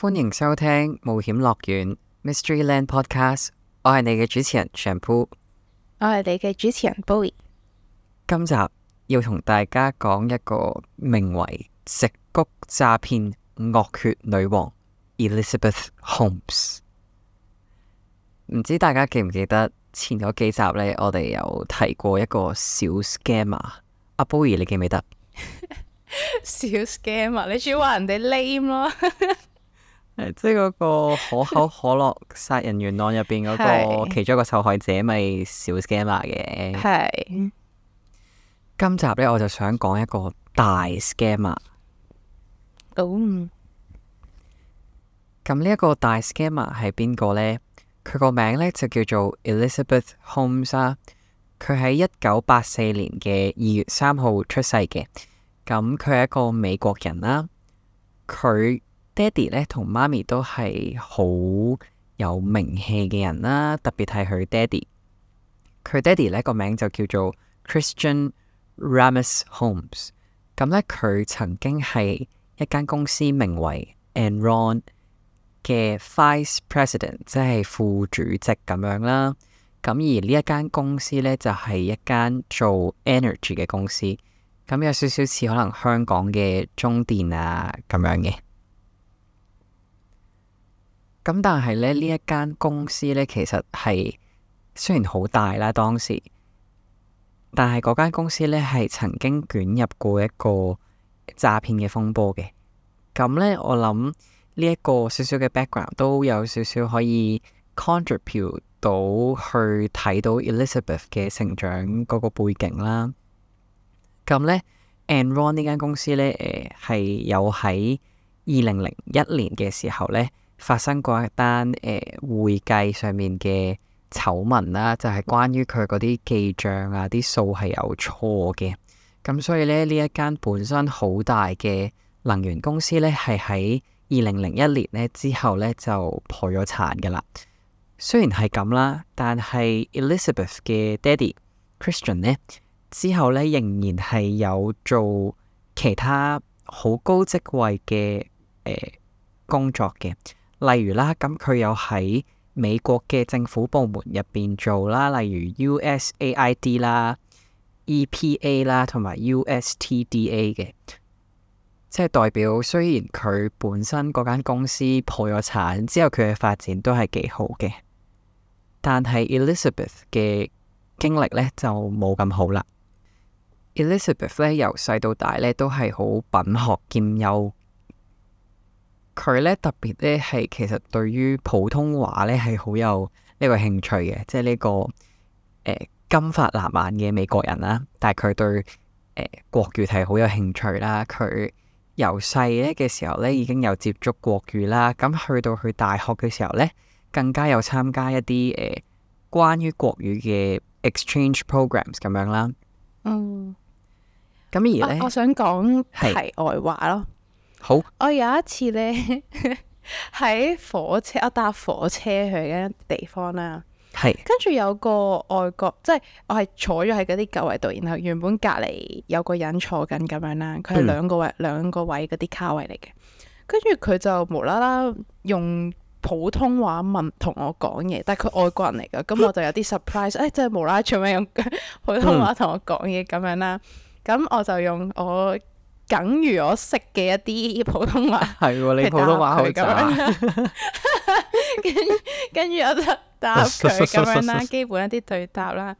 歡迎收聽冒險樂園 Mystery Land Podcast，我係你嘅主持人 c h a p u 我係你嘅主持人 Boey。今集要同大家講一個名為食谷詐騙惡血女王 Elizabeth Holmes。唔知大家記唔記得前嗰幾集呢，我哋有提過一個小 scammer，阿 Boey，你記唔記得？ 小 scammer，你仲要話人哋 name 咯？ 即係嗰個可口可樂殺 人冤案入邊嗰個其中一個受害者，er，咪小 scammer 嘅。係。今集呢我就想講一個大 scammer。咁呢一個大 scammer 係邊個呢？佢個名呢就叫做 Elizabeth Holmes 啦。佢喺一九八四年嘅二月三號出世嘅。咁佢係一個美國人啦。佢。爹哋咧同媽咪都係好有名氣嘅人啦，特別係佢爹哋。佢爹哋咧個名就叫做 Christian Ramus Holmes。咁咧佢曾經係一間公司名為 Enron 嘅 vice president，即係副主席咁樣啦。咁而呢一間公司咧就係一間做 energy 嘅公司，咁有少少似可能香港嘅中電啊咁樣嘅。咁，但係咧，呢一間公司咧，其實係雖然好大啦，當時，但係嗰間公司咧係曾經捲入過一個詐騙嘅風波嘅。咁咧，我諗呢一個少少嘅 background 都有少少可以 contribute 到去睇到 Elizabeth 嘅成長嗰個背景啦。咁咧，Enron 呢間公司咧，誒、呃、係有喺二零零一年嘅時候咧，發生過一單誒、呃、會計上面嘅醜聞啦，就係、是、關於佢嗰啲記帳啊，啲數係有錯嘅。咁所以咧，呢一間本身好大嘅能源公司咧，係喺二零零一年咧之後咧就破咗產噶啦。雖然係咁啦，但係 Elizabeth 嘅爹地 Christian 咧，之後咧仍然係有做其他好高職位嘅誒、呃、工作嘅。例如啦，咁佢又喺美國嘅政府部門入邊做啦，例如 USAID 啦、EPA 啦同埋 USTDA 嘅，即係代表。雖然佢本身嗰間公司破咗產之後，佢嘅發展都係幾好嘅，但係 Elizabeth 嘅經歷呢就冇咁好啦。Elizabeth 呢由細到大呢都係好品學兼優。佢咧特別咧係其實對於普通話咧係好有呢個興趣嘅，即係呢、呢個誒、呃、金髮藍眼嘅美國人啦。但係佢對誒、呃、國語係好有興趣啦。佢由細咧嘅時候咧已經有接觸國語啦。咁去到佢大學嘅時候咧，更加有參加一啲誒、呃、關於國語嘅 exchange programs 咁樣啦。嗯，咁而咧呢、啊，我想講題外話咯。好，我有一次咧喺 火車，我搭火車去嘅地方啦。係是，跟住有個外國，即係我係坐咗喺嗰啲舊位度，然後原本隔籬有個人坐緊咁樣啦。佢係兩個位，嗯、兩個位嗰啲卡位嚟嘅。跟住佢就無啦啦用普通話問同我講嘢，但係佢外國人嚟㗎，咁 我就有啲 surprise。誒、哎，即係無啦啦做咩用普通話同我講嘢咁樣啦？咁我就用我。僅如我識嘅一啲普通話，係、 啊、你普通話好渣， 跟跟住我就答佢咁樣啦， 基本一啲對答啦。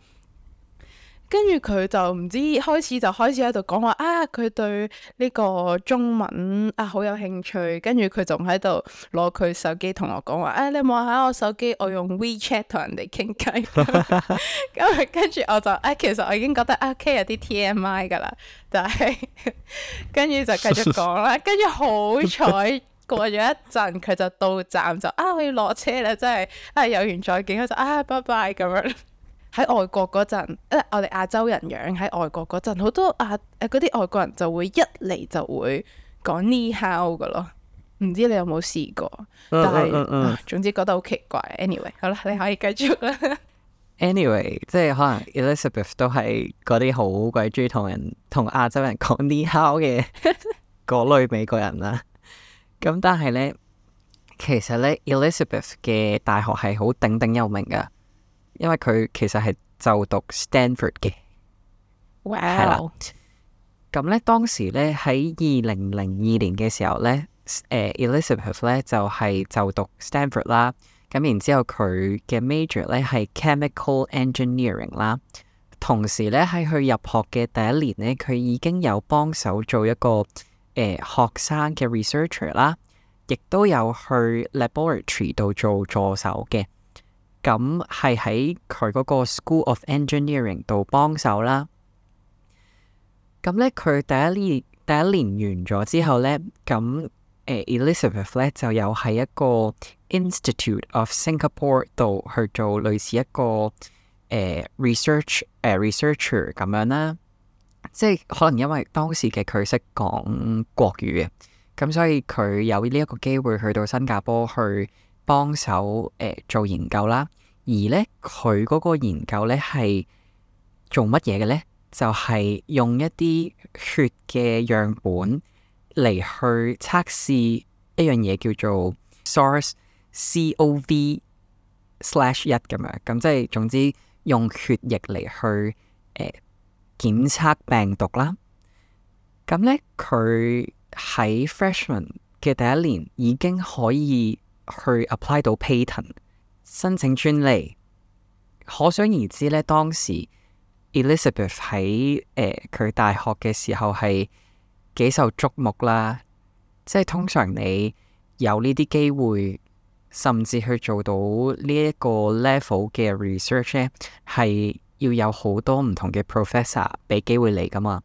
跟住佢就唔知開始就開始喺度講話啊！佢對呢個中文啊好有興趣，跟住佢仲喺度攞佢手機同我講話啊！你望下我手機，我用 WeChat 同人哋傾偈。跟、嗯、住 我就啊，其實我已經覺得啊，K 有啲 TMI 㗎啦，但就係跟住就繼續講啦。跟住好彩過咗一陣，佢就到站就啊，我要落車啦！真係啊，有緣再見。我就啊，拜拜咁樣。喺外國嗰陣、呃，我哋亞洲人養喺外國嗰陣，好多亞誒啲、啊、外國人就會一嚟就會講呢 how 嘅咯，唔知你有冇試過？但係，uh, uh, uh, uh. 總之覺得好奇怪。Anyway，好啦，你可以繼續啦。Anyway，即係可能 Elizabeth 都係嗰啲好鬼中意同人同亞洲人講呢 how 嘅嗰類美國人啦。咁 但係咧，其實咧 Elizabeth 嘅大學係好鼎鼎有名嘅。因為佢其實係就讀 Stanford 嘅，係 Wow.、呃就是、啦。咁咧當時咧喺二零零二年嘅時候咧，誒 Elizabeth 咧就係就讀 Stanford 啦。咁然之後佢嘅 major 咧係 chemical engineering 啦。同時咧喺佢入學嘅第一年咧，佢已經有幫手做一個誒、呃、學生嘅 researcher 啦，亦都有去 laboratory 度做助手嘅。咁係喺佢嗰個 School of Engineering 度幫手啦。咁、嗯、咧，佢第一年第一年完咗之後咧，咁、嗯、誒，Elizabeth 咧就有喺一個 Institute of Singapore 度去做類似一個誒、呃、research 誒、呃、researcher 咁樣啦。即係可能因為當時嘅佢識講國語嘅，咁、嗯、所以佢有呢一個機會去到新加坡去。幫手誒做研究啦，而咧佢嗰個研究咧係做乜嘢嘅咧？就係、是、用一啲血嘅樣本嚟去測試一樣嘢，叫做 SARS-CoV-1，咁樣咁，即係總之用血液嚟去誒檢測病毒啦。咁咧，佢喺 freshman 嘅第一年已經可以去 apply 到 patent，申請專利，可想而知咧。當時 Elizabeth 喺誒佢、呃、大學嘅時候係幾受矚目啦。即係通常你有呢啲機會，甚至去做到呢一個 level 嘅 research 咧，係要有好多唔同嘅 professor 俾機會你㗎嘛。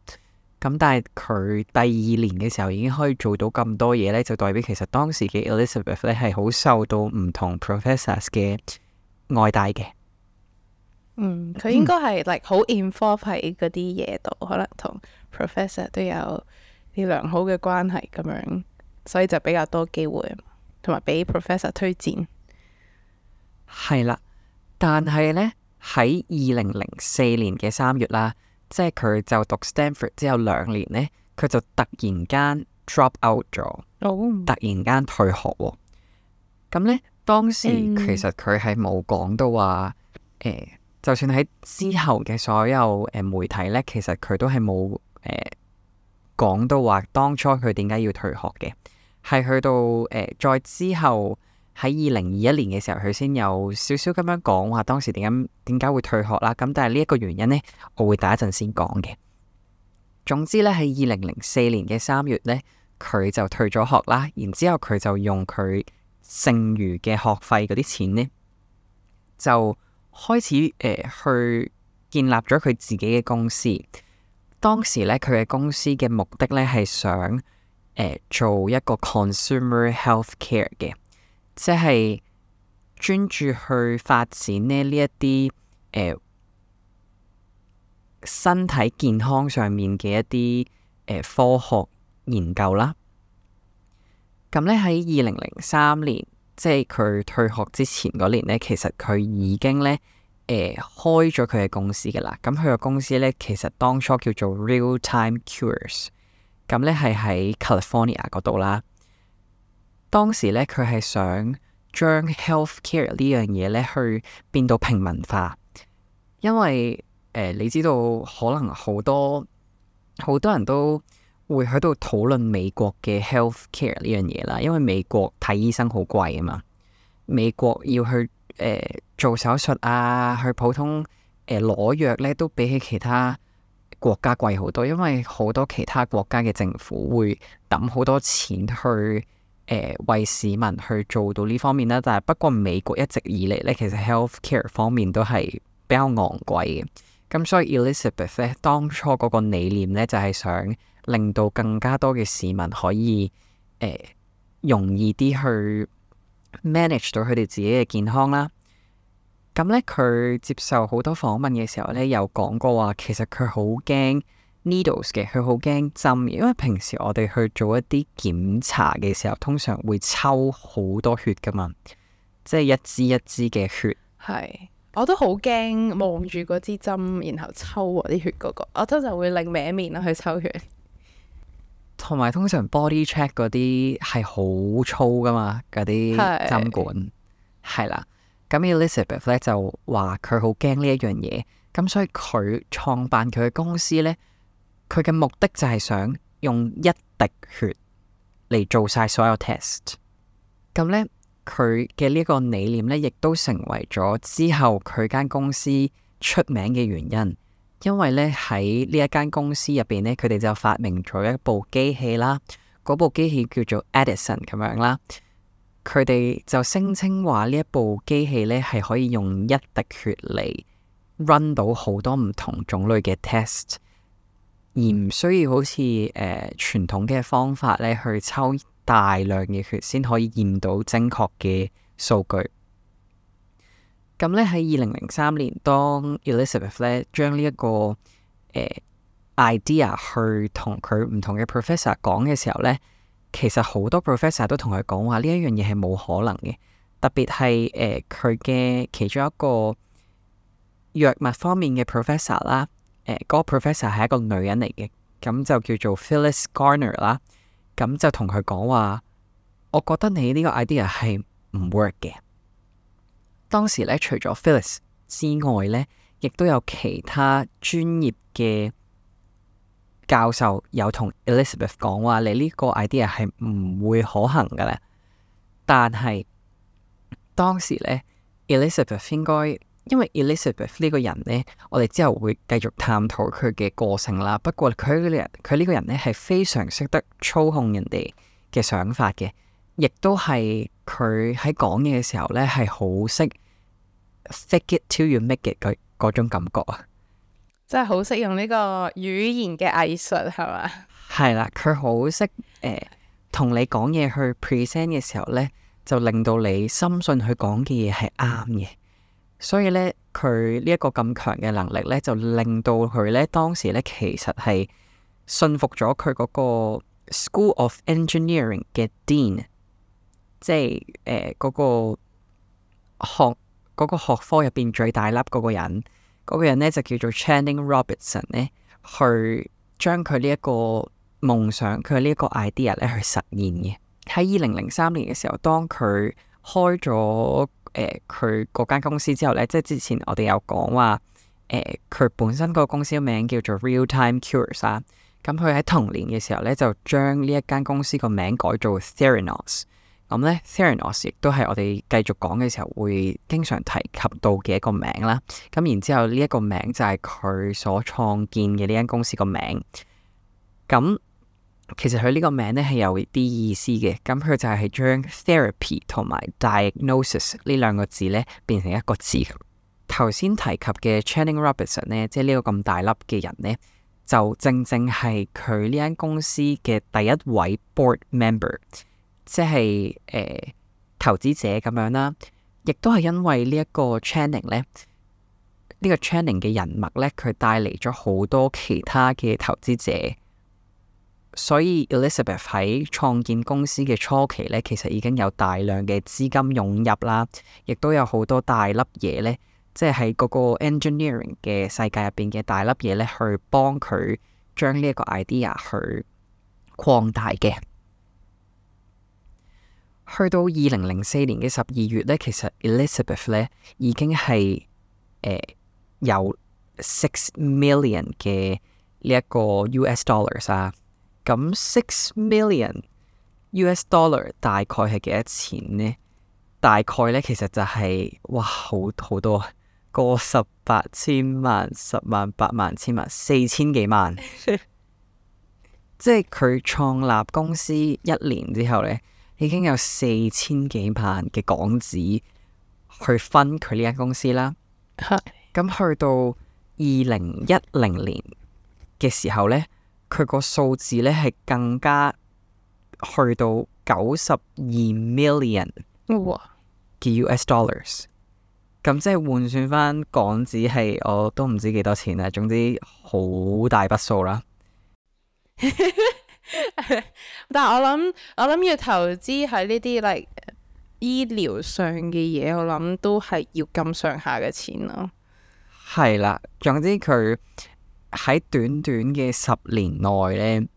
咁但係佢第二年嘅時候已經可以做到咁多嘢呢，就代表其實當時嘅 Elizabeth 咧，係好受到唔同 professors 嘅愛戴嘅。嗯，佢應該係 like 好 involve 喺嗰啲嘢度，可能同 professor 都有啲良好嘅關係咁樣，所以就比較多機會，同埋俾 professor 推薦。係啦、嗯，但係呢，喺二零零四年嘅三月啦。即係佢就讀 Stanford 之後兩年呢，佢就突然間 drop out 咗，oh. 突然間退學。咁呢，當時其實佢係冇講到話，誒、mm. 欸，就算喺之後嘅所有誒媒體呢，其實佢都係冇誒講到話當初佢點解要退學嘅，係去到誒、欸、再之後。喺二零二一年嘅時候，佢先有少少咁樣講話當時點解點解會退學啦？咁但係呢一個原因呢，我會等一陣先講嘅。總之呢，喺二零零四年嘅三月呢，佢就退咗學啦。然之後佢就用佢剩餘嘅學費嗰啲錢呢，就開始誒、呃、去建立咗佢自己嘅公司。當時呢，佢嘅公司嘅目的呢，係想誒做一個 consumer health care 嘅。即係專注去發展咧呢一啲誒、呃、身體健康上面嘅一啲誒、呃、科學研究啦。咁咧，喺二零零三年，即係佢退學之前嗰年咧，其實佢已經咧誒、呃、開咗佢嘅公司噶啦。咁佢嘅公司咧，其實當初叫做 Real Time Cures，嗯。咁、嗯、咧係喺 California 嗰度啦。當時咧，佢係想將 health care 呢樣嘢咧，去變到平民化。因為誒、呃，你知道可能好多好多人都會喺度討論美國嘅 health care 呢樣嘢啦。因為美國睇醫生好貴啊嘛，美國要去誒、呃、做手術啊，去普通誒攞、呃、藥咧，都比起其他國家貴好多。因為好多其他國家嘅政府會揼好多錢去。誒、呃，為市民去做到呢方面啦。但係不過美國一直以嚟咧，其實 health care 方面都係比較昂貴嘅，咁所以 Elizabeth 咧當初嗰個理念咧就係、是、想令到更加多嘅市民可以誒、呃、容易啲去 manage 到佢哋自己嘅健康啦。咁咧佢接受好多訪問嘅時候咧，有講過話，其實佢好驚。Needles 嘅，佢好驚針，因為平時我哋去做一啲檢查嘅時候，通常會抽好多血噶嘛，即係一支一支嘅血。係，我都好驚望住嗰支針，然後抽嗰啲血嗰、嗰個，我通常會擰歪面啦去抽血。同埋通常 body check 嗰啲係好粗噶嘛，嗰啲針管係是啦。咁 Elizabeth 咧就話佢好驚呢一樣嘢，咁所以佢創辦佢嘅公司咧。佢嘅目的就係想用一滴血嚟做晒所有 test。咁呢，佢嘅呢一個理念呢，亦都成為咗之後佢間公司出名嘅原因。因為呢，喺呢一間公司入邊呢，佢哋就發明咗一部機器啦。嗰部機器叫做 Edison 咁樣啦。佢哋就聲稱話呢一部機器呢，係可以用一滴血嚟 run 到好多唔同種類嘅 test。而唔需要好似誒傳統嘅方法咧，去抽大量嘅血先可以驗到精確嘅數據。咁咧喺二零零三年，當 Elizabeth 咧將呢、這、一個誒、呃、idea 去同佢唔同嘅 professor 講嘅時候咧，其實好多 professor 都同佢講話呢一樣嘢係冇可能嘅，特別係誒佢嘅其中一個藥物方面嘅 professor 啦。誒，個 professor 係一個女人嚟嘅，咁就叫做 Phyllis Garner 啦，咁就同佢講話，我覺得你呢個 idea 係唔 work 嘅。當時咧，除咗 Phyllis 之外咧，亦都有其他專業嘅教授有同 Elizabeth 講話，你呢個 idea 係唔會可行嘅咧。但係當時咧，Elizabeth 應該。因為 Elizabeth 呢個人呢，我哋之後會繼續探討佢嘅個性啦。不過佢呢個人，佢呢個人呢係非常識得操控人哋嘅想法嘅，亦都係佢喺講嘢嘅時候呢，係好識 fake it till you make it 佢嗰種感覺啊！真係好識用呢個語言嘅藝術係嘛？係啦，佢好識誒，同、呃、你講嘢去 present 嘅時候呢，就令到你深信佢講嘅嘢係啱嘅。嗯。所以咧，佢呢一個咁強嘅能力咧，就令到佢咧當時咧，其實係馴服咗佢嗰個 School of Engineering 嘅 Dean，即係誒嗰個學嗰個學科入邊最大粒嗰個人，嗰個人咧就叫做 Channing Robertson 咧，去將佢呢一個夢想，佢呢一個 idea 咧去實現嘅。喺二零零三年嘅時候，當佢開咗。佢嗰間公司之後呢，即係之前我哋有講話，佢、呃、本身個公司名叫做 Real Time Cures 啊。咁佢喺同年嘅時候呢，就將呢一間公司個名改做 Theranos，啊。咁呢 Theranos 亦都係我哋繼續講嘅時候會經常提及到嘅一個名啦。咁然之後呢一個名就係佢所創建嘅呢間公司個名。咁、啊其實佢呢個名咧，係有啲意思嘅，咁佢就係將 therapy 同埋 diagnosis 呢兩個字咧，變成一個字。頭先提及嘅 Channing Robinson 咧，即係呢個咁大粒嘅人咧，就正正係佢呢間公司嘅第一位 board member，即係誒、呃、投資者咁樣啦。亦都係因為呢一個 Channing 咧，呢個 Channing 嘅人脈咧，佢帶嚟咗好多其他嘅投資者。所以 Elizabeth 喺創建公司嘅初期咧，其實已經有大量嘅資金湧入啦，亦都有好多大粒嘢咧，即係喺嗰個 engineering 嘅世界入邊嘅大粒嘢咧，去幫佢將呢一個 idea 去擴大嘅。去到二零零四年嘅十二月咧，其實 Elizabeth 咧已經係誒、呃、有 six million 嘅呢一個 U.S. dollars 啊。咁 six million U S dollar 大概係幾多錢呢？大概呢，其實就係、是、哇，好好多啊，過十八千萬、十萬、八萬、千萬、四千幾萬， 即係佢創立公司一年之後呢，已經有四千幾萬嘅港紙去分佢呢間公司啦。咁 去到二零一零年嘅時候呢。佢個數字咧係更加去到九十二 million 嘅 US dollars，咁哇、嗯、即係換算翻港紙係我都唔知幾多錢啦。總之好大筆數啦。 但係我諗我諗要投資喺呢啲嚟醫療上嘅嘢，我諗都係要咁上下嘅錢咯。係啦，總之佢。喺短短嘅十年內咧，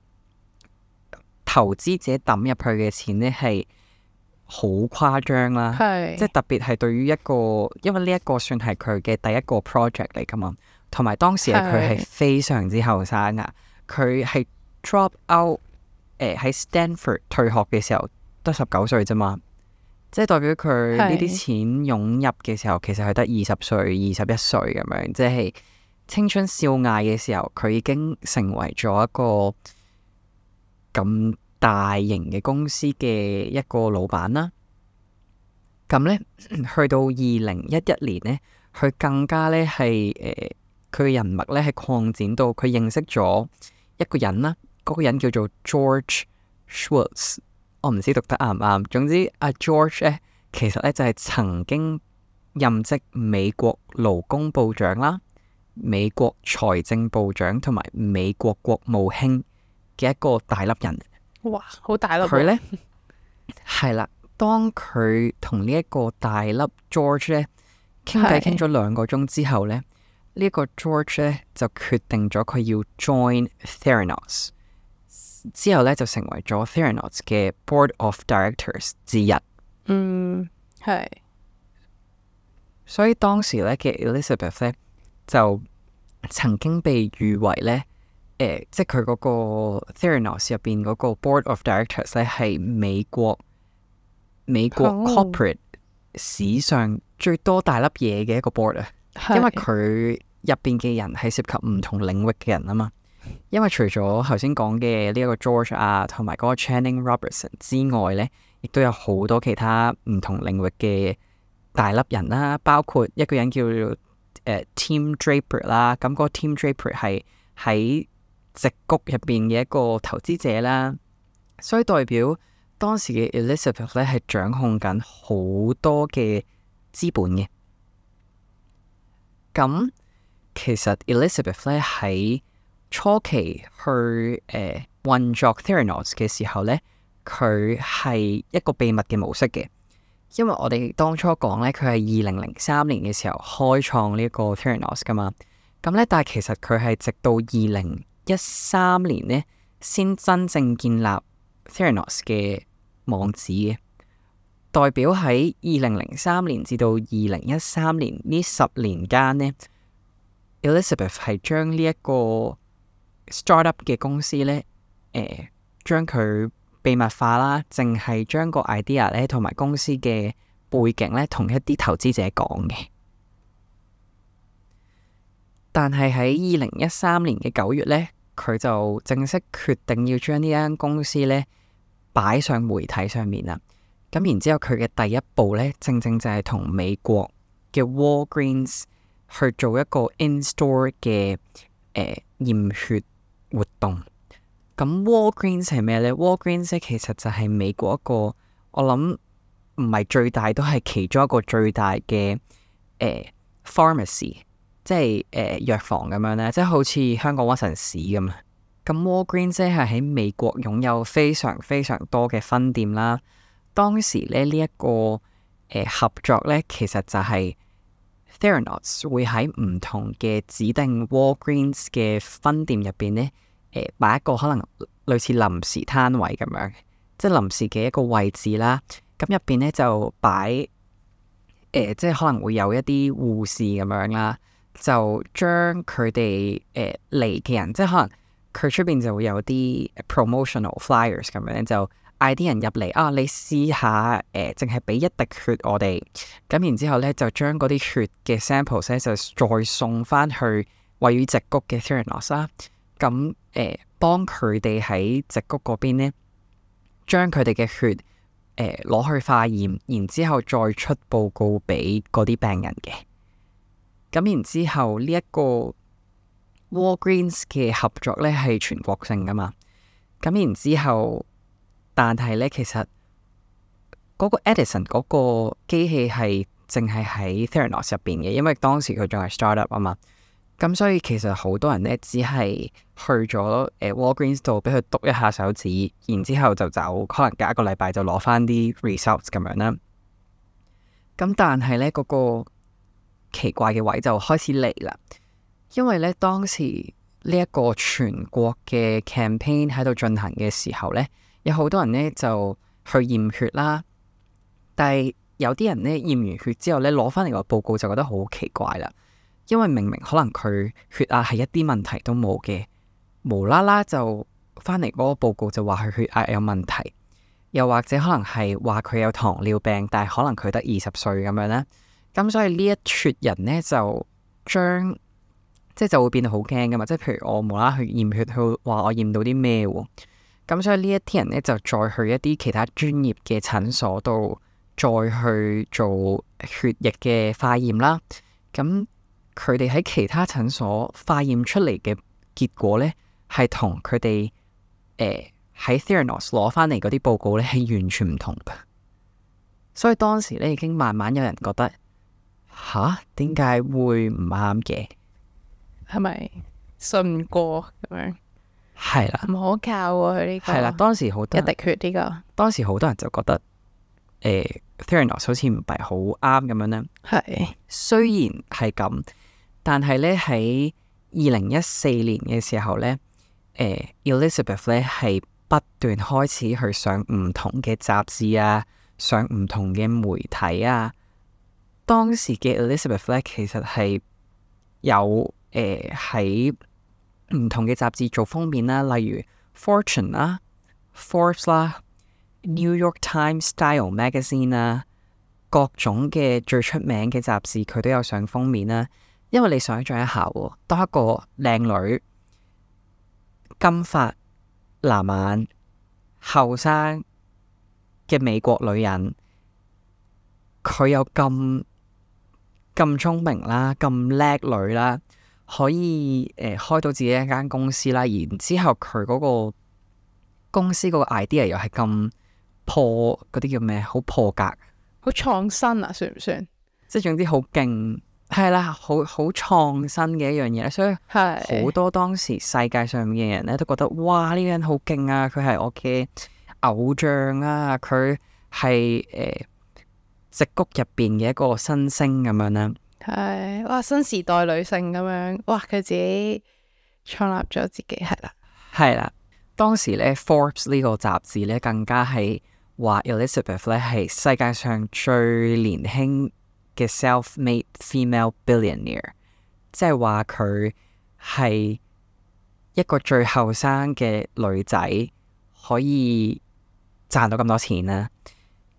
投資者抌入去嘅錢咧係好誇張啦，是即係特別係對於一個，因為呢一個算係佢嘅第一個 project 嚟噶嘛，同埋當時係佢係非常之後生㗎，佢係是 drop out，誒、呃、喺 Stanford 退學嘅時候得十九歲啫嘛，即係代表佢呢啲錢湧入嘅時候，是其實係得二十歲、二十一歲咁樣，即係。青春少艾嘅時候，佢已經成為咗一個咁大型嘅公司嘅一個老闆啦。咁呢，去到二零一一年呢，佢更加呢係誒，佢、呃、嘅人脈呢係擴展到佢認識咗一個人啦。嗰、那個人叫做 George Schwartz，我唔知讀得啱唔啱。總之，阿、啊、George 呢，其實呢就係、是、曾經任職美國勞工部長啦。美國財政部長同埋美國國務卿嘅一個大粒人，哇，好大粒啊！佢呢係啦，當佢同呢一個大粒 George 咧傾偈傾咗兩個鐘之後咧，呢個 George 咧就決定咗佢要 join Theranos，之後咧就成為咗 Theranos 嘅 Board of Directors 之一。嗯，係。所以當時咧嘅 Elizabeth 咧就曾經被譽為咧，誒、呃，即係佢嗰個 Theranos 入邊嗰個 Board of Directors 咧，係美國美國 Corporate 史上最多大粒嘢嘅一個 Board 啊，oh. 因為佢入邊嘅人係涉及唔同領域嘅人啊嘛。因為除咗頭先講嘅呢一個 George 啊，同埋嗰個 Channing Robertson 之外咧，亦都有好多其他唔同領域嘅大粒人啦、啊，包括一個人叫，誒 Team Draper 啦，咁嗰 Team Draper 係喺矽谷入邊嘅一個投資者啦，所以代表當時嘅 Elizabeth 咧係掌控緊好多嘅資本嘅。咁其實 Elizabeth 咧喺初期去誒、呃、運作 Theranos 嘅時候咧，佢係一個秘密嘅模式嘅。因為我哋當初講咧，佢係二零零三年嘅時候開創呢一個 Theranos 噶嘛，咁咧但係其實佢係直到二零一三年咧，先真正建立 Theranos 嘅網址嘅。代表喺二零零三年至到二零一三年呢十年間呢，Elizabeth 係將呢一個 startup 嘅公司咧，誒、呃，將佢。秘密化啦，淨係將個 idea 咧同埋公司嘅背景咧同一啲投資者講嘅。但係喺二零一三年嘅九月咧，佢就正式決定要將呢間公司咧擺上媒體上面啦。咁然之後佢嘅第一步咧，正正就係同美國嘅 Walgreens 去做一個 in-store 嘅誒、呃、驗血活動。咁 Walgreens 係咩咧？Walgreens 其實就係美國一個，我諗唔係最大，都係其中一個最大嘅誒、欸、pharmacy，即係誒、欸、藥房咁樣咧，即係好似香港屈臣氏咁。咁 Walgreens 係喺美國擁有非常非常多嘅分店啦。當時咧呢一、這個誒、呃、合作咧，其實就係 Theranos 會喺唔同嘅指定 Walgreens 嘅分店入邊咧。誒擺一個可能類似臨時攤位咁樣，即係臨時嘅一個位置啦。咁入邊咧就擺誒、呃，即係可能會有一啲護士咁樣啦，就將佢哋誒嚟嘅人，即係可能佢出邊就會有啲 promotional flyers 咁樣，就嗌啲人入嚟啊！你試下誒，淨係俾一滴血我哋。咁然之後咧，就將嗰啲血嘅 samples 咧，就再送翻去位於矽谷嘅 Theranos 啦。咁誒幫佢哋喺矽谷嗰邊咧，將佢哋嘅血誒攞、呃、去化驗，然之後再出報告俾嗰啲病人嘅。咁然之後呢一、一個 Walgreens 嘅合作咧係全國性噶嘛。咁然之後，但係咧其實嗰、嗰個 Edison 嗰個機器係淨係喺 Theranos 入邊嘅，因為當時佢仲係 startup 啊嘛。咁、嗯、所以其實好多人咧，只係去咗誒 Walgreens 度，俾佢督一下手指，然之後就走，可能隔一個禮拜就攞翻啲 results 咁樣啦。咁、嗯、但係咧，嗰、那個奇怪嘅位就開始嚟啦。因為咧當時呢一個全國嘅 campaign 喺度進行嘅時候咧，有好多人咧就去驗血啦。但係有啲人咧驗完血之後咧，攞翻嚟個報告就覺得好奇怪啦。因為明明可能佢血壓係一啲問題都冇嘅，無啦啦就翻嚟嗰個報告就話佢血壓有問題，又或者可能係話佢有糖尿病，但係可能佢得二十歲咁樣啦。咁所以呢一撮人咧就將即係就會變到好驚噶嘛。即係譬如我無啦去驗血，佢話我驗到啲咩喎？咁所以呢一啲人咧就再去一啲其他專業嘅診所度再去做血液嘅化驗啦。咁佢哋喺其他診所化驗出嚟嘅結果咧，係同佢哋誒喺、欸、Theranos 攞翻嚟嗰啲報告咧係完全唔同嘅。所以當時咧已經慢慢有人覺得吓？點解會唔啱嘅？係咪信唔過咁樣？係啦的，唔可靠喎佢呢個。係啦，當時好多人一滴血呢、這個。當時好多人就覺得誒、欸、Theranos 好似唔係好啱咁樣咧。係的，雖然係咁。但係咧，喺二零一四年嘅時候咧，誒、呃、Elizabeth 咧係不斷開始去上唔同嘅雜誌啊，上唔同嘅媒體啊。當時嘅 Elizabeth 咧，其實係有誒喺唔同嘅雜誌做封面啦、啊，例如 Fortune 啦、啊、Forbes 啦、啊、New York Times Style Magazine 啊，各種嘅最出名嘅雜誌，佢都有上封面啦、啊。因為你想象一下喎，當一個靚女，金髮藍眼後生嘅美國女人，佢有咁咁聰明啦，咁叻女啦，可以誒、呃、開到自己一間公司啦，然之後佢嗰個公司嗰個 idea 又係咁破，嗰啲叫咩？好破格，好創新啊，算唔算？即係總之好勁。係啦，好好創新嘅一樣嘢咧，所以好多當時世界上嘅人咧都覺得，哇！呢個人好勁啊，佢係我嘅偶像啊，佢係誒矽谷入邊嘅一個新星咁樣咧、啊。係，哇！新時代女性咁樣，哇！佢自己創立咗自己，係啦，係啦。當時咧，《Forbes》呢個雜誌咧更加係話，Elizabeth 咧係世界上最年輕。嘅 self-made female billionaire，即係話佢係一個最後生嘅女仔可以賺到咁多錢啦。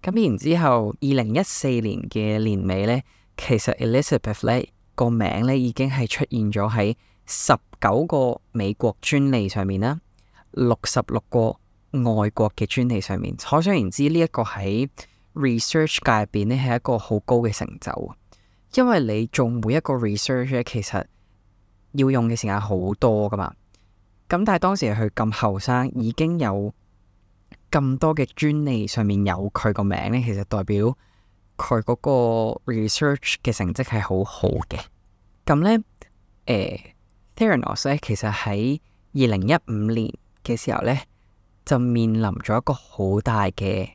咁然之後，二零一四年嘅年尾咧，其實 Elizabeth 咧個名咧已經係出現咗喺十九個美國專利上面啦，六十六個外國嘅專利上面。可想而知呢一個喺。research 界入邊咧係一個好高嘅成就，因為你做每一個 research 咧，其實要用嘅時間好多噶嘛。咁但係當時佢咁後生，已經有咁多嘅專利上面有佢個名咧，其實代表佢嗰個 research 嘅成績係好好嘅。咁咧，誒、欸、Theranos 咧，其實喺二零一五年嘅時候咧，就面臨咗一個好大嘅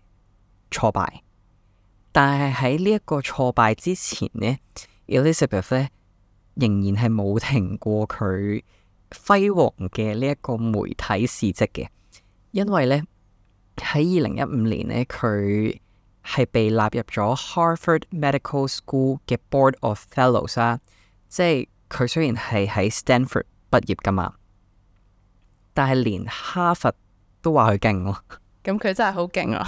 挫敗。但係喺呢一個挫敗之前，Elizabeth，呢 Elizabeth 咧仍然係冇停過佢輝煌嘅呢一個媒體事蹟嘅，因為呢喺二零一五年呢佢係被納入咗 Harvard Medical School 嘅 Board of Fellows 啊，即係佢雖然係喺 Stanford 畢業噶嘛，但係連哈佛都話佢勁咯，咁佢、嗯、真係好勁啊。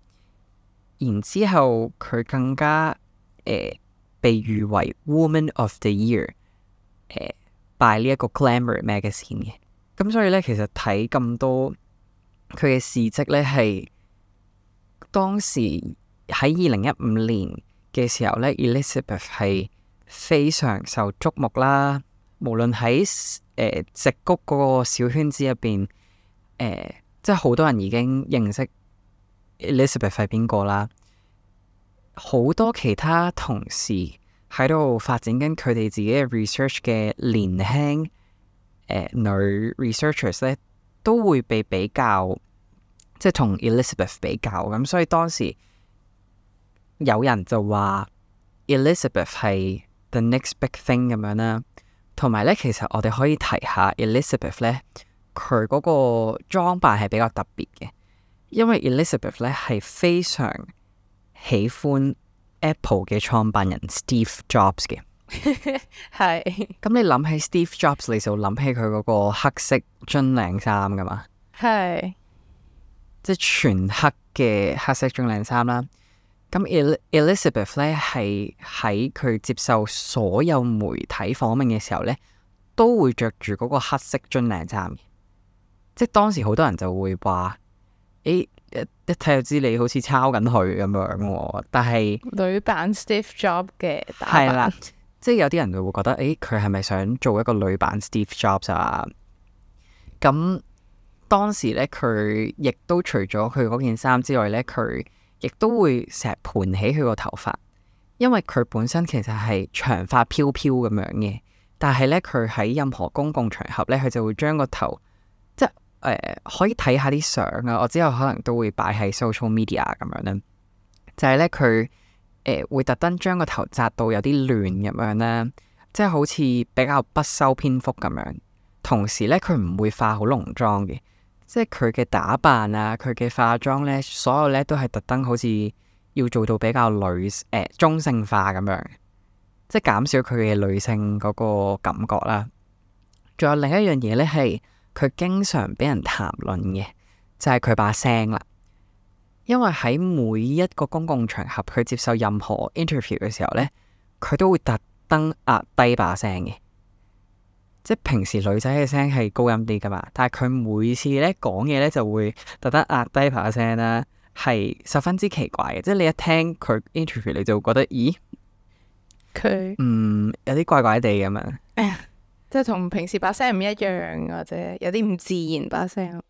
然之後，佢更加誒、呃、被譽為 Woman of the Year，誒呢一個 Glamour magazine 嘅。咁所以呢，其實睇咁多佢嘅事蹟呢，係當時喺二零一五年嘅時候呢，Elizabeth 係非常受注目啦。無論喺誒矽谷嗰個小圈子入邊，誒、呃，即係好多人已經認識。Elizabeth 係邊個啦？好多其他同事喺度發展緊佢哋自己嘅 research 嘅年輕誒、呃、女 researchers 咧，都會被比較，即係同 Elizabeth 比較咁。所以當時有人就話 Elizabeth 係 the next big thing 咁樣啦。同埋咧，其實我哋可以提下 Elizabeth 咧，佢嗰個裝扮係比較特別嘅。因為 Elizabeth 咧，係非常喜歡 Apple 嘅創辦人 Steve Jobs 嘅，係。咁你諗起 Steve Jobs，你就諗起佢嗰個黑色樽領衫㗎嘛？係。 即係全黑嘅黑色樽領衫啦。咁 Elizabeth El 咧係喺佢接受所有媒體訪問嘅時候咧，都會着住嗰個黑色樽領衫，即係當時好多人就會話。誒、哎，一睇就知你好似抄緊佢咁樣喎，但係女版 Steve Jobs 嘅打扮係啦，即係有啲人就會覺得，誒、哎，佢係咪想做一個女版 Steve Jobs 啊？咁當時咧，佢亦都除咗佢嗰件衫之外咧，佢亦都會成日盤起佢個頭髮，因為佢本身其實係長髮飄飄咁樣嘅，但係咧，佢喺任何公共場合咧，佢就會將個頭即誒、呃、可以睇下啲相啊！我之後可能都會擺喺 social media 咁樣咧，就係咧佢誒會特登將個頭紮到有啲亂咁樣啦，即係好似比較不修邊幅咁樣。同時咧，佢唔會化好濃妝嘅，即係佢嘅打扮啊，佢嘅化妝咧，所有咧都係特登好似要做到比較女誒、呃、中性化咁樣，即係減少佢嘅女性嗰個感覺啦。仲有另一樣嘢咧係。佢經常俾人談論嘅就係佢把聲啦，因為喺每一個公共場合佢接受任何 interview 嘅時候呢，佢都會特登壓低把聲嘅。即係平時女仔嘅聲係高音啲噶嘛，但係佢每次呢，講嘢呢就會特登壓低把聲啦，係十分之奇怪嘅。即係你一聽佢 interview 你就會覺得，咦，佢他嗯有啲怪怪地咁樣。 即係同平時把聲唔一樣，或者有啲唔自然把聲。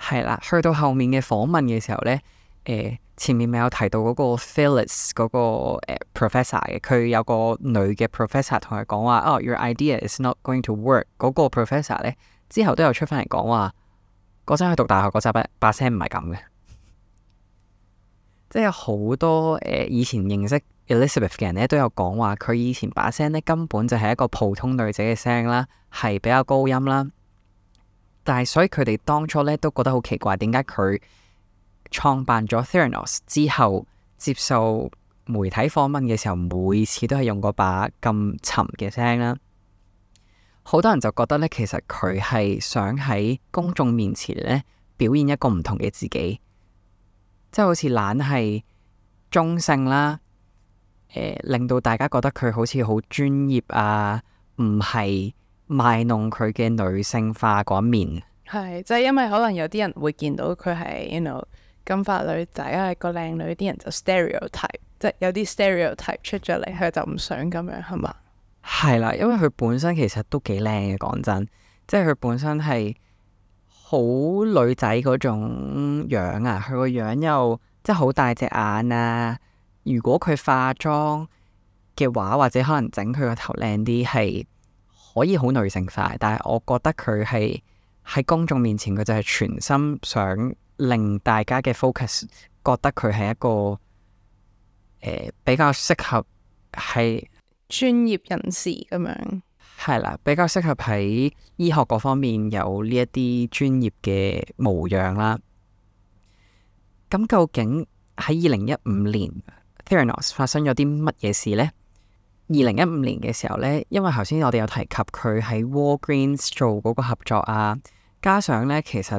係啦，去到後面嘅訪問嘅時候呢，誒、呃，前面咪有提到嗰個 Phillips 嗰、那個、呃、professor 嘅，佢有個女嘅 professor 同佢講話，哦、oh，your idea is not going to work。嗰、那個 professor 呢，之後都有出翻嚟講話，嗰陣去讀大學嗰陣把聲唔係咁嘅， 即係有好多誒、呃、以前認識。Elizabeth 嘅人咧都有講話，佢以前把聲咧根本就係一個普通女仔嘅聲啦，係比較高音啦。但係所以佢哋當初咧都覺得好奇怪，點解佢創辦咗 Theranos 之後接受媒體訪問嘅時候，每次都係用嗰把咁沉嘅聲啦。好多人就覺得咧，其實佢係想喺公眾面前咧表現一個唔同嘅自己，即係好似懶係中性啦。誒，令到大家覺得佢好似好專業啊，唔係賣弄佢嘅女性化嗰面。係，即係因為可能有啲人會見到佢係，you know，金髮女仔係個靚女，啲人就 stereotype，即係有啲 stereotype 出咗嚟，佢就唔想咁樣，係嘛？係啦，因為佢本身其實都幾靚嘅，講真，即係佢本身係好女仔嗰種樣啊，佢個樣又即係好大隻眼啊。如果佢化妝嘅話，或者可能整佢個頭靚啲，係可以好女性化。但係我覺得佢係喺公眾面前，佢就係全心想令大家嘅 focus，覺得佢係一個、呃、比較適合喺專業人士咁樣。係啦，比較適合喺醫學嗰方面有呢一啲專業嘅模樣啦。咁究竟喺二零一五年，Theranos 發生咗啲乜嘢事呢？二零一五年嘅時候呢，因為頭先我哋有提及佢喺 Walgreens 做嗰個合作啊，加上呢，其實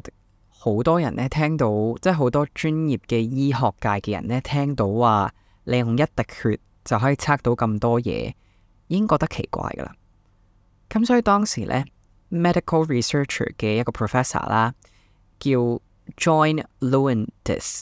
好多人呢聽到，即係好多專業嘅醫學界嘅人呢聽到話，你用一滴血就可以測到咁多嘢，已經覺得奇怪噶啦。咁所以當時呢 medical researcher 嘅一個 professor 啦叫 John Loantis。